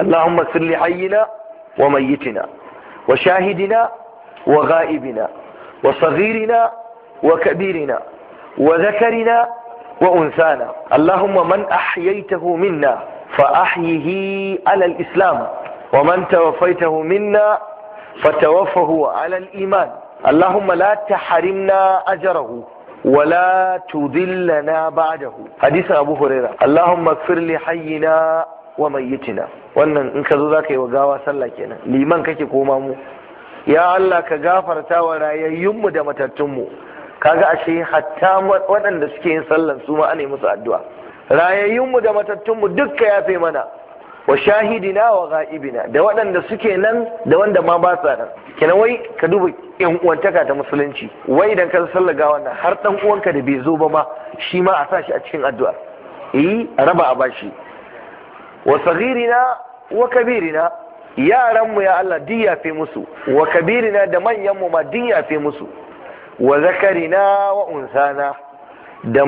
اللهم اغفر لحينا وميتنا وشاهدنا وغائبنا وصغيرنا وكبيرنا وذكرنا وأنثانا اللهم من أحييته منا فأحيه على الإسلام ومن توفيته منا فتوفه على الإيمان اللهم لا تحرمنا أجره ولا تذلنا بعده حديث أبو هريرة اللهم اغفر لحينا wa mayyitina wannan in ka zo za ka yi wa gawa sallah kenan liman kake koma mu ya Allah ka gafarta wa rayayyunmu da matattunmu kaga ashe hatta waɗanda suke yin sallan su ma ana musu addu'a rayayyunmu da matattunmu dukka fi mana wa shahidina wa ga'ibina da waɗanda suke nan da wanda ma ba sa nan kenan wai ka duba yan uwantaka ta musulunci wai idan ka sallaga wannan har dan uwanka da bai zo ba ma shi ma a sa shi a cikin addu'a eh raba a bashi wa saghirina wa kabirina yaranmu ya Allah ya fi musu wa kabirina da manyanmu ma ya fi musu wa zakarina wa unsana da